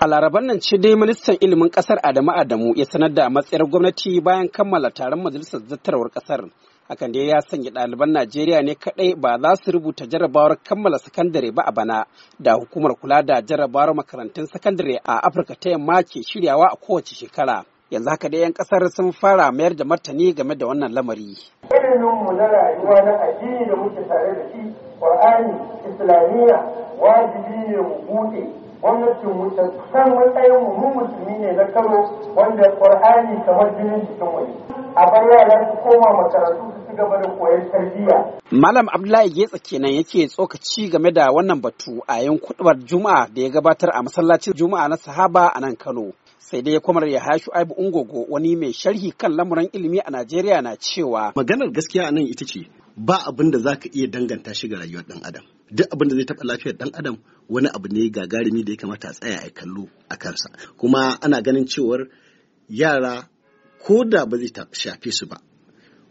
A laraban nan ce dai ministan ilimin kasar Adamu Adamu ya sanar da matsayar gwamnati bayan kammala taron majalisar zattarwar kasar. Hakan dai ya sanya ɗaliban Najeriya ne kaɗai ba za su rubuta jarabawar kammala sakandare ba a bana da hukumar kula da jarabawar makarantun sakandare a Afirka ta yamma ke shiryawa a kowace shekara. Yanzu haka dai 'yan ƙasar sun fara mayar da martani game da wannan lamari. Iliminmu na rayuwa na addini da muke tare da shi, Ƙur'ani, Islamiyya, wajibi ne mu buɗe gwamnatin wuce kan matsayin mu musulmi ne na kano wanda ƙwar'ani kamar jinin jikin wani a bar yara su koma makarantu su ci gaba da koyon tarbiyya Malam Abdullahi Getsa kenan yake tsokaci game da wannan batu a yan kudubar Juma'a da ya gabatar a masallacin Juma'a na Sahaba a nan Kano. Sai dai kwamar ya hashu Aibu Ungogo wani mai sharhi kan lamuran ilimi a Najeriya na cewa. Maganar gaskiya nan ita ce ba abin da za ka iya danganta shi ga rayuwar ɗan Adam. duk abin da zai taɓa lafiyar ɗan adam wani abu ne gagarumi da ya kamata a tsaya a kallo a kansa kuma ana ganin cewar yara ko da ba zai shafe su ba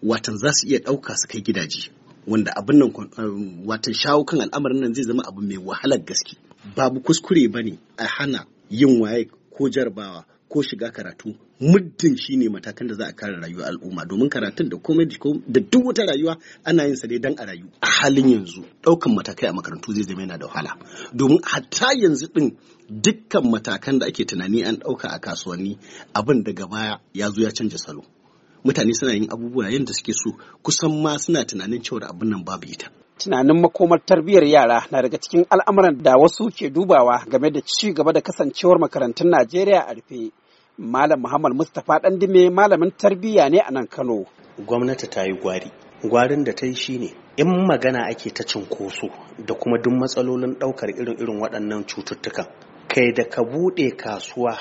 watan za su iya ɗauka su kai gidaje wanda abin nan um, watan shawo kan al'amarin nan zai zama abu mai wahalar gaske babu kuskure ba ne a hana yin waye ko jarabawa ko shiga karatu muddin shi ne matakan da za a kare rayuwar al'umma domin karatun da komai da duk wata rayuwa ana yin sa ne dan a rayu a halin yanzu daukan matakai a makarantu zai zama yana da wahala domin hatta yanzu din dukkan matakan da ake tunani an dauka a kasuwanni abin daga baya ya zo ya canja salo mutane suna yin abubuwa yadda suke so kusan ma suna tunanin cewar abin nan babu ita tunanin makomar tarbiyyar yara na daga cikin al'amuran da wasu ke dubawa game da ci gaba da kasancewar makarantun Najeriya a rufe Malam Muhammad Mustapha ɗan dime malamin tarbiyya ne a nan Kano. Gwamnati ta yi gwari. Gwarin da ta yi shine in magana ake ta cinkoso da kuma duk matsalolin ɗaukar irin irin waɗannan cututtukan. Kai da ka buɗe kasuwa,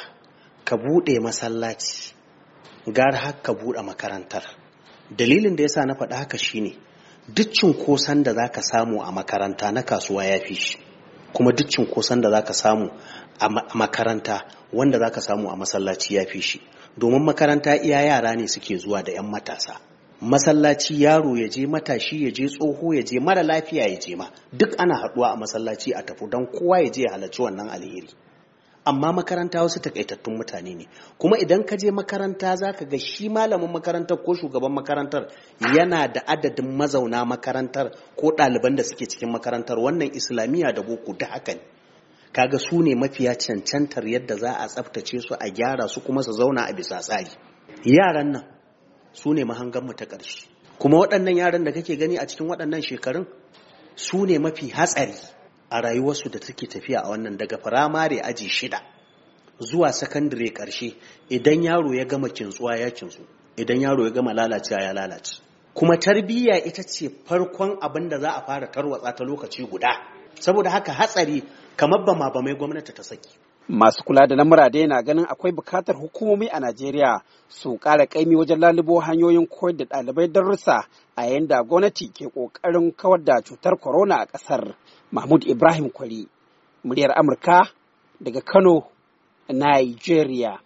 ka buɗe masallaci, gara har ka buɗe makarantar. Dalilin da ya sa na faɗi haka shi ne duk cinkoson da za ka samu a makaranta na kasuwa ya fi shi. kuma duk cunkoson da za ka samu a makaranta wanda za ka samu a masallaci ya fi shi domin makaranta iya yara ne suke zuwa da 'yan matasa masallaci yaro ya je matashi ya je tsoho ya je mara lafiya ya je ma duk ana haɗuwa a masallaci a tafi don kowa ya je ya halarci wannan alheri amma makaranta wasu takaitattun mutane ne kuma idan ka je makaranta za ka ga shi malamin makarantar ko shugaban makarantar yana da adadin mazauna makarantar ko ɗaliban da suke cikin makarantar wannan islamiyya da boko da haka ne kaga su ne mafiya cancantar yadda za a tsaftace su a gyara su kuma su zauna a bisa tsari yaran nan su ne mahanganmu ta ƙarshe kuma waɗannan yaran da kake gani a cikin waɗannan shekarun su ne mafi hatsari a rayuwarsu da take tafiya a wannan daga firamare aji shida zuwa sakandare ƙarshe idan yaro ya gama kintsuwa ya kintsu idan yaro ya gama lalacewa ya lalace kuma tarbiyya ita ce farkon abin da za a fara tarwatsa ta lokaci guda saboda haka hatsari kamar ba ma ba mai gwamnati ta saki masu kula da lamura dai na ganin akwai bukatar hukumomi a najeriya su ƙara ƙaimi wajen lalubo hanyoyin koyar da ɗalibai darussa a yayin da gwamnati ke ƙoƙarin kawar da cutar corona a ƙasar mahmud ibrahim kwari muryar amurka daga kano nigeria